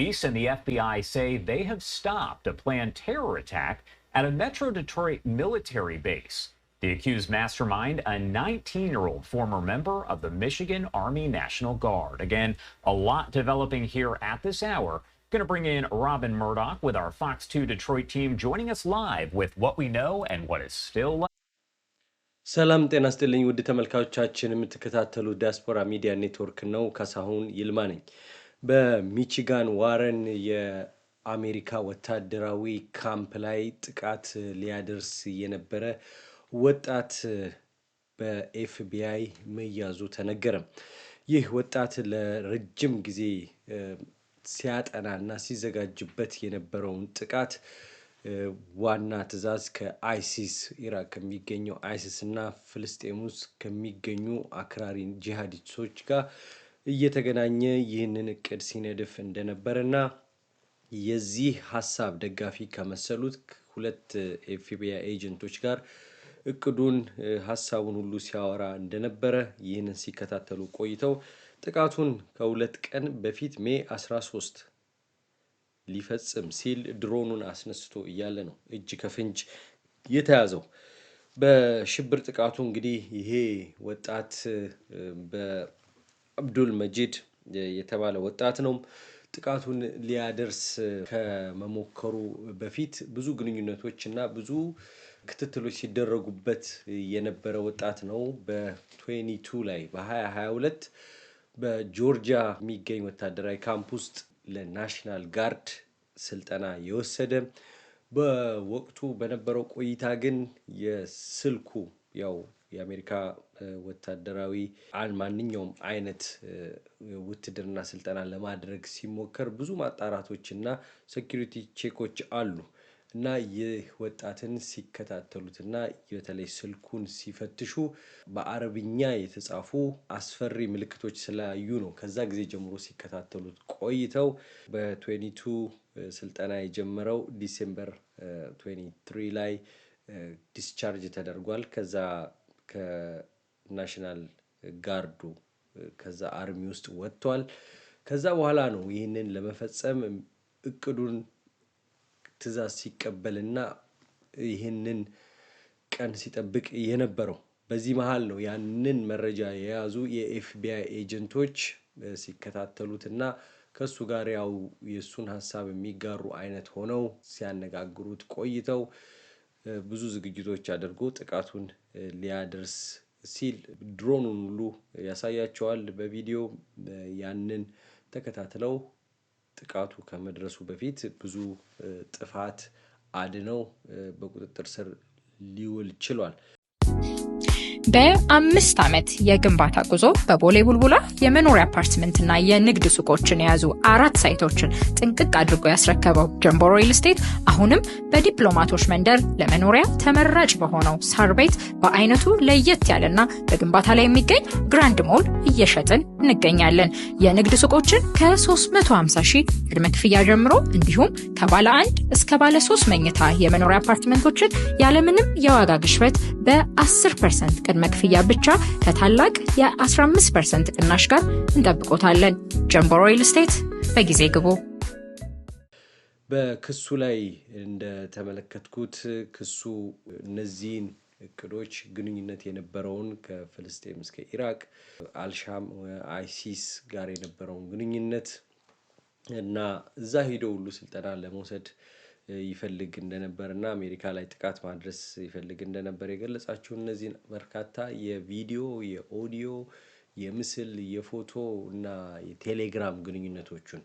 Police and the FBI say they have stopped a planned terror attack at a Metro Detroit military base. The accused mastermind, a 19 year old former member of the Michigan Army National Guard. Again, a lot developing here at this hour. Going to bring in Robin Murdoch with our Fox 2 Detroit team, joining us live with what we know and what is still left. ሰላም ጤና ስጥልኝ ውድ ተመልካቾቻችን፣ የምትከታተሉ ዲያስፖራ ሚዲያ ኔትወርክ ነው። ካሳሁን ይልማ ነኝ። በሚቺጋን ዋረን የአሜሪካ ወታደራዊ ካምፕ ላይ ጥቃት ሊያደርስ የነበረ ወጣት በኤፍቢአይ መያዙ ተነገረም ይህ ወጣት ለረጅም ጊዜ ሲያጠናና ሲዘጋጅበት የነበረውን ጥቃት ዋና ትዕዛዝ ከአይሲስ ኢራቅ ከሚገኘው አይሲስ እና ፍልስጤም ውስጥ ከሚገኙ አክራሪ ጂሃዲስቶች ጋር እየተገናኘ ይህንን እቅድ ሲነድፍ እንደነበረና የዚህ ሀሳብ ደጋፊ ከመሰሉት ሁለት ኤፍቢአይ ኤጀንቶች ጋር እቅዱን ሀሳቡን ሁሉ ሲያወራ እንደነበረ ይህንን ሲከታተሉ ቆይተው ጥቃቱን ከሁለት ቀን በፊት ሜ 13 ሊፈጽም ሲል ድሮኑን አስነስቶ እያለ ነው እጅ ከፍንጅ የተያዘው። በሽብር ጥቃቱ እንግዲህ ይሄ ወጣት አብዱል መጂድ የተባለ ወጣት ነው። ጥቃቱን ሊያደርስ ከመሞከሩ በፊት ብዙ ግንኙነቶች እና ብዙ ክትትሎች ሲደረጉበት የነበረ ወጣት ነው። በትዌኒቱ ላይ በ2022 በጆርጂያ የሚገኝ ወታደራዊ ካምፕ ውስጥ ለናሽናል ጋርድ ስልጠና የወሰደ በወቅቱ በነበረው ቆይታ ግን የስልኩ ያው የአሜሪካ ወታደራዊ ማንኛውም አይነት ውትድርና ስልጠና ለማድረግ ሲሞከር ብዙ ማጣራቶች እና ሴኪሪቲ ቼኮች አሉ። እና ይህ ወጣትን ሲከታተሉትና በተለይ ስልኩን ሲፈትሹ በአረብኛ የተጻፉ አስፈሪ ምልክቶች ስላዩ ነው ከዛ ጊዜ ጀምሮ ሲከታተሉት ቆይተው በትዌኒቱ ስልጠና የጀመረው ዲሴምበር ላይ ዲስቻርጅ ተደርጓል። ከዛ ናሽናል ጋርዱ ከዛ አርሚ ውስጥ ወጥቷል። ከዛ በኋላ ነው ይህንን ለመፈጸም እቅዱን ትዕዛዝ ሲቀበልና ይህንን ቀን ሲጠብቅ የነበረው። በዚህ መሀል ነው ያንን መረጃ የያዙ የኤፍቢአይ ኤጀንቶች ሲከታተሉትና ከእሱ ጋር ያው የእሱን ሀሳብ የሚጋሩ አይነት ሆነው ሲያነጋግሩት ቆይተው ብዙ ዝግጅቶች አድርጎ ጥቃቱን ሊያደርስ ሲል ድሮኑን ሁሉ ያሳያቸዋል። በቪዲዮ ያንን ተከታትለው ጥቃቱ ከመድረሱ በፊት ብዙ ጥፋት አድነው በቁጥጥር ስር ሊውል ችሏል በአምስት ዓመት የግንባታ ጉዞ በቦሌ ቡልቡላ የመኖሪያ አፓርትመንትና የንግድ ሱቆችን የያዙ አራት ሳይቶችን ጥንቅቅ አድርጎ ያስረከበው ጀምቦ ሮይል ስቴት አሁንም በዲፕሎማቶች መንደር ለመኖሪያ ተመራጭ በሆነው ሳር ቤት በአይነቱ ለየት ያለና በግንባታ ላይ የሚገኝ ግራንድ ሞል እየሸጥን እንገኛለን። የንግድ ሱቆችን ከ350 ሺህ ቅድመ ክፍያ ጀምሮ እንዲሁም ከባለ አንድ እስከ ባለ ሶስት መኝታ የመኖሪያ አፓርትመንቶችን ያለምንም የዋጋ ግሽበት በ10 ፐርሰንት ቅድመ ክፍያ ብቻ ከታላቅ የ15 ፐርሰንት ቅናሽ ጋር እንጠብቆታለን። ጀምቦሮ ሪል ስቴት በጊዜ ግቡ። በክሱ ላይ እንደተመለከትኩት ክሱ እነዚህን እቅዶች ግንኙነት የነበረውን ከፍልስጤም እስከ ኢራቅ አልሻም አይሲስ ጋር የነበረውን ግንኙነት እና እዛ ሂደው ሁሉ ስልጠና ለመውሰድ ይፈልግ እና አሜሪካ ላይ ጥቃት ማድረስ ይፈልግ እንደነበር የገለጻችሁ እነዚህን በርካታ የቪዲዮ የኦዲዮ የምስል የፎቶ እና የቴሌግራም ግንኙነቶቹን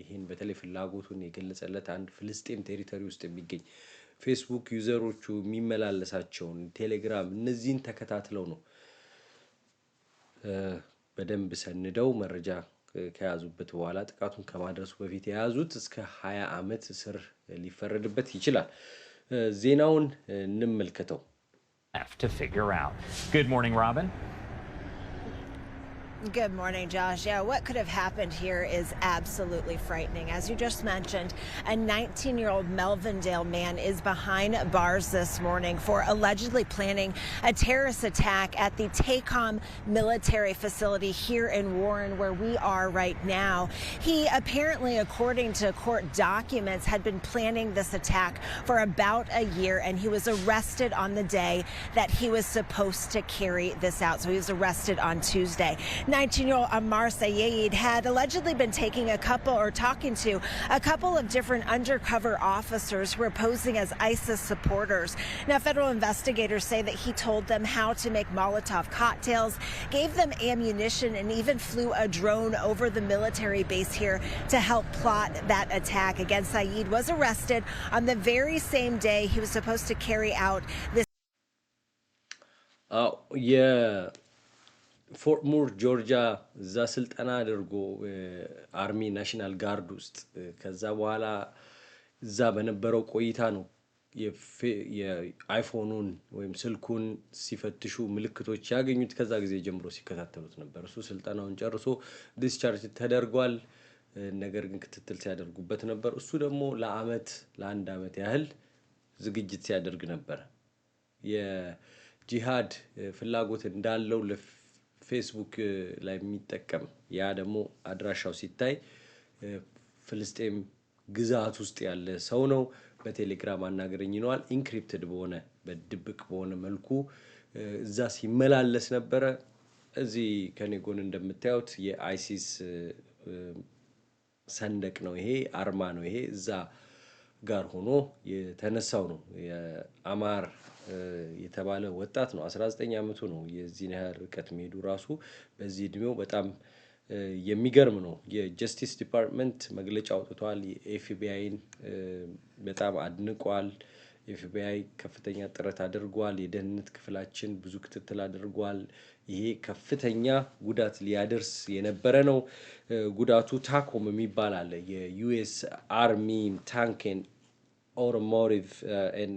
ይህን በተለይ ፍላጎቱን የገለጸለት አንድ ፍልስጤም ቴሪቶሪ ውስጥ የሚገኝ ፌስቡክ ዩዘሮቹ የሚመላለሳቸውን ቴሌግራም እነዚህን ተከታትለው ነው በደንብ ሰንደው መረጃ ከያዙበት በኋላ ጥቃቱን ከማድረሱ በፊት የያዙት እስከ 20 አመት እስር ሊፈረድበት ይችላል። ዜናውን እንመልከተው። Good morning, Josh. Yeah, what could have happened here is absolutely frightening. As you just mentioned, a 19 year old Melvindale man is behind bars this morning for allegedly planning a terrorist attack at the TACOM military facility here in Warren, where we are right now. He apparently, according to court documents, had been planning this attack for about a year and he was arrested on the day that he was supposed to carry this out. So he was arrested on Tuesday. 19 year old Amar Sayed had allegedly been taking a couple or talking to a couple of different undercover officers who were posing as ISIS supporters. Now, federal investigators say that he told them how to make Molotov cocktails, gave them ammunition, and even flew a drone over the military base here to help plot that attack. Again, Saeed was arrested on the very same day he was supposed to carry out this. Oh, yeah. ፎርት ሙር ጆርጂያ እዛ ስልጠና አድርጎ አርሚ ናሽናል ጋርድ ውስጥ ከዛ በኋላ እዛ በነበረው ቆይታ ነው የአይፎኑን ወይም ስልኩን ሲፈትሹ ምልክቶች ያገኙት። ከዛ ጊዜ ጀምሮ ሲከታተሉት ነበር። እሱ ስልጠናውን ጨርሶ ዲስቻርጅ ተደርጓል። ነገር ግን ክትትል ሲያደርጉበት ነበር። እሱ ደግሞ ለአመት ለአንድ አመት ያህል ዝግጅት ሲያደርግ ነበር። የጂሃድ ፍላጎት እንዳለው ፌስቡክ ላይ የሚጠቀም ያ ደግሞ አድራሻው ሲታይ ፍልስጤም ግዛት ውስጥ ያለ ሰው ነው። በቴሌግራም አናገረኝ ይለዋል። ኢንክሪፕትድ በሆነ በድብቅ በሆነ መልኩ እዛ ሲመላለስ ነበረ። እዚህ ከኔ ጎን እንደምታዩት የአይሲስ ሰንደቅ ነው ይሄ አርማ ነው ይሄ እዛ ጋር ሆኖ የተነሳው ነው የአማር የተባለ ወጣት ነው። 19 ዓመቱ አመቱ ነው የዚህን ያህል ርቀት መሄዱ ራሱ በዚህ እድሜው በጣም የሚገርም ነው። የጀስቲስ ዲፓርትመንት መግለጫ አውጥቷል የኤፍቢአይን በጣም አድንቋል። ኤፍቢአይ ከፍተኛ ጥረት አድርጓል የደህንነት ክፍላችን ብዙ ክትትል አድርጓል ይሄ ከፍተኛ ጉዳት ሊያደርስ የነበረ ነው። ጉዳቱ ታኮም የሚባል አለ የዩኤስ አርሚ ታንክን automotive uh, and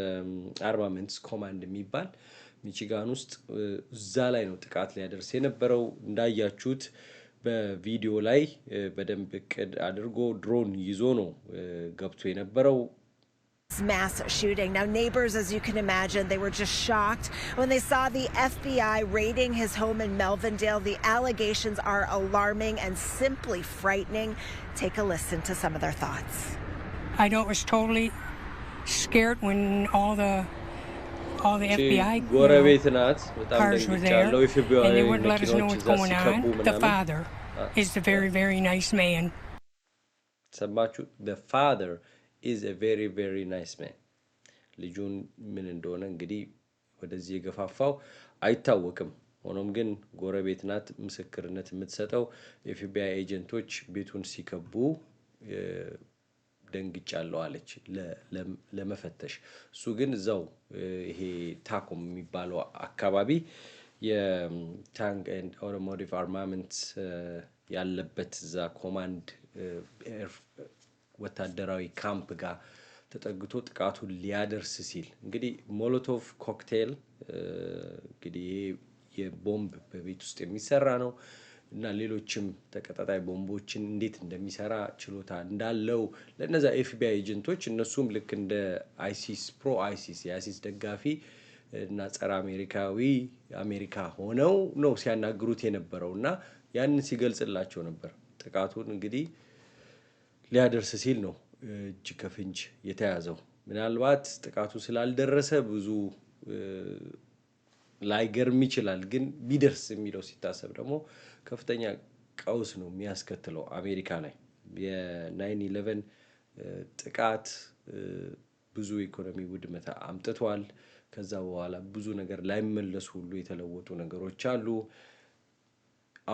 ኦሮሞሪቭ አርማመንትስ ኮማንድ የሚባል ሚቺጋን ውስጥ uh, እዛ ላይ ነው ጥቃት ሊያደርስ የነበረው። እንዳያችሁት በቪዲዮ ላይ uh, በደንብ እቅድ አድርጎ ድሮን ይዞ ነው ገብቶ የነበረው። mass shooting. Now, neighbors, as you can imagine, they were just shocked when they saw the FBI raiding his home in Melvindale. The allegations are alarming and simply frightening. Take a listen to some of their thoughts. I know it was totally scared when all the all the FBI you know, cars were there, and they wouldn't let us know what's going on. Ah, the father is a very, very nice man. the father is a very, very nice man. ልጁን ምን እንደሆነ እንግዲህ ወደዚህ የገፋፋው አይታወቅም። ሆኖም ግን ጎረቤት ናት ምስክርነት የምትሰጠው የኤፍቢአይ ኤጀንቶች ቤቱን ሲከቡ ደንግጫለሁ አለች ለመፈተሽ። እሱ ግን እዛው ይሄ ታኮም የሚባለው አካባቢ የታንክ ኤንድ ኦቶሞቲቭ አርማመንት ያለበት እዛ ኮማንድ ወታደራዊ ካምፕ ጋር ተጠግቶ ጥቃቱን ሊያደርስ ሲል እንግዲህ ሞሎቶቭ ኮክቴል እንግዲህ ይሄ የቦምብ በቤት ውስጥ የሚሰራ ነው። እና ሌሎችም ተቀጣጣይ ቦምቦችን እንዴት እንደሚሰራ ችሎታ እንዳለው ለነዛ ኤፍቢአይ ኤጀንቶች እነሱም ልክ እንደ አይሲስ ፕሮ አይሲስ የአይሲስ ደጋፊ እና ጸረ አሜሪካዊ አሜሪካ ሆነው ነው ሲያናግሩት የነበረው እና ያንን ሲገልጽላቸው ነበር። ጥቃቱን እንግዲህ ሊያደርስ ሲል ነው እጅ ከፍንጅ የተያዘው። ምናልባት ጥቃቱ ስላልደረሰ ብዙ ላይገርም ይችላል፣ ግን ቢደርስ የሚለው ሲታሰብ ደግሞ ከፍተኛ ቀውስ ነው የሚያስከትለው አሜሪካ ላይ የናይን ኢለቨን ጥቃት ብዙ ኢኮኖሚ ውድመት አምጥቷል። ከዛ በኋላ ብዙ ነገር ላይመለሱ ሁሉ የተለወጡ ነገሮች አሉ።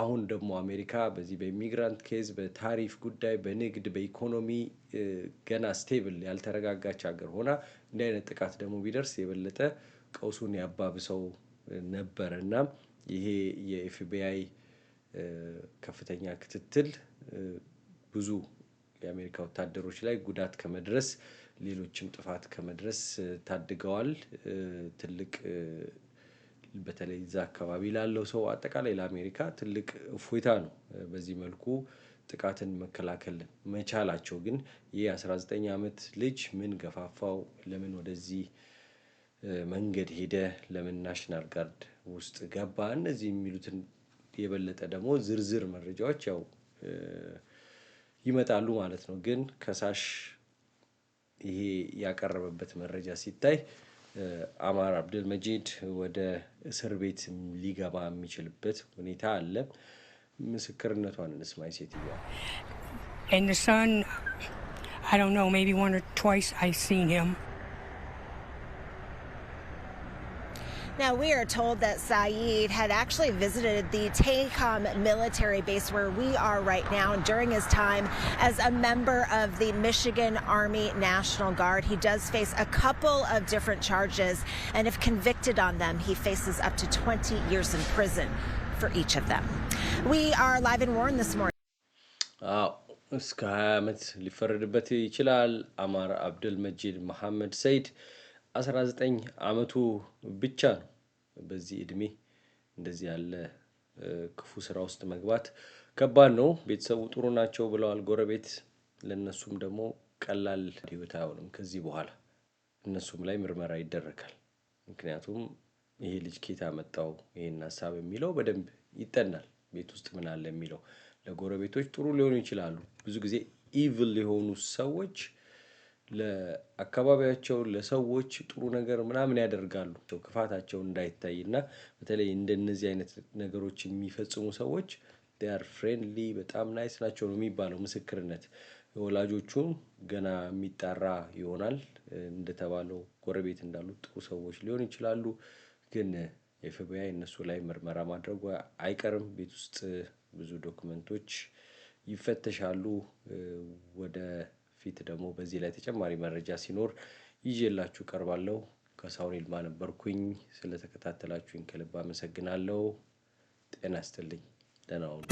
አሁን ደግሞ አሜሪካ በዚህ በኢሚግራንት ኬዝ፣ በታሪፍ ጉዳይ፣ በንግድ፣ በኢኮኖሚ ገና ስቴብል ያልተረጋጋች ሀገር ሆና እንዲህ አይነት ጥቃት ደግሞ ቢደርስ የበለጠ ቀውሱን ያባብሰው ነበር እና ይሄ የኤፍቢአይ ከፍተኛ ክትትል ብዙ የአሜሪካ ወታደሮች ላይ ጉዳት ከመድረስ ሌሎችም ጥፋት ከመድረስ ታድገዋል። ትልቅ በተለይ እዛ አካባቢ ላለው ሰው አጠቃላይ ለአሜሪካ ትልቅ እፎይታ ነው። በዚህ መልኩ ጥቃትን መከላከል መቻላቸው ግን ይህ 19 ዓመት አመት ልጅ ምን ገፋፋው ለምን ወደዚህ መንገድ ሄደ ለምን ናሽናል ጋርድ ውስጥ ገባ እነዚህ የሚሉትን የበለጠ ደግሞ ዝርዝር መረጃዎች ያው ይመጣሉ ማለት ነው። ግን ከሳሽ ይሄ ያቀረበበት መረጃ ሲታይ አማር አብደል መጂድ ወደ እስር ቤት ሊገባ የሚችልበት ሁኔታ አለ። ምስክርነቷን እንስማይ ሴትዮዋ I don't know, maybe one or twice seen him. Now, we are told that Saeed had actually visited the Taekom military base where we are right now during his time as a member of the Michigan Army National Guard. He does face a couple of different charges, and if convicted on them, he faces up to 20 years in prison for each of them. We are live in Warren this morning. Oh. እስከ 20 ዓመት ሊፈረድበት ይችላል። አማር አብዱል መጂድ መሐመድ ሰይድ 19 ዓመቱ ብቻ ነው በዚህ እድሜ እንደዚህ ያለ ክፉ ስራ ውስጥ መግባት ከባድ ነው። ቤተሰቡ ጥሩ ናቸው ብለዋል ጎረቤት። ለእነሱም ደግሞ ቀላል ህይወት አይሆንም ከዚህ በኋላ እነሱም ላይ ምርመራ ይደረጋል። ምክንያቱም ይሄ ልጅ ኬታ አመጣው ይሄን ሀሳብ የሚለው በደንብ ይጠናል። ቤት ውስጥ ምን አለ የሚለው ለጎረቤቶች ጥሩ ሊሆኑ ይችላሉ። ብዙ ጊዜ ኢቭል የሆኑ ሰዎች ለአካባቢያቸው ለሰዎች ጥሩ ነገር ምናምን ያደርጋሉ። ክፋታቸው እንዳይታይ እና በተለይ እንደነዚህ አይነት ነገሮች የሚፈጽሙ ሰዎች ር ፍሬንድሊ በጣም ናይስ ናቸው ነው የሚባለው ምስክርነት። ወላጆቹም ገና የሚጠራ ይሆናል እንደተባለው ጎረቤት እንዳሉ ጥሩ ሰዎች ሊሆኑ ይችላሉ። ግን ኤፍቢአይ እነሱ ላይ ምርመራ ማድረጉ አይቀርም ቤት ውስጥ ብዙ ዶክመንቶች ይፈተሻሉ። ወደ ፊት ደግሞ በዚህ ላይ ተጨማሪ መረጃ ሲኖር ይዤላችሁ ቀርባለሁ። ከሳውን ይልማ ነበርኩኝ። ስለተከታተላችሁኝ ከልብ አመሰግናለሁ። ጤና ይስጥልኝ። ደህና ሁኑ።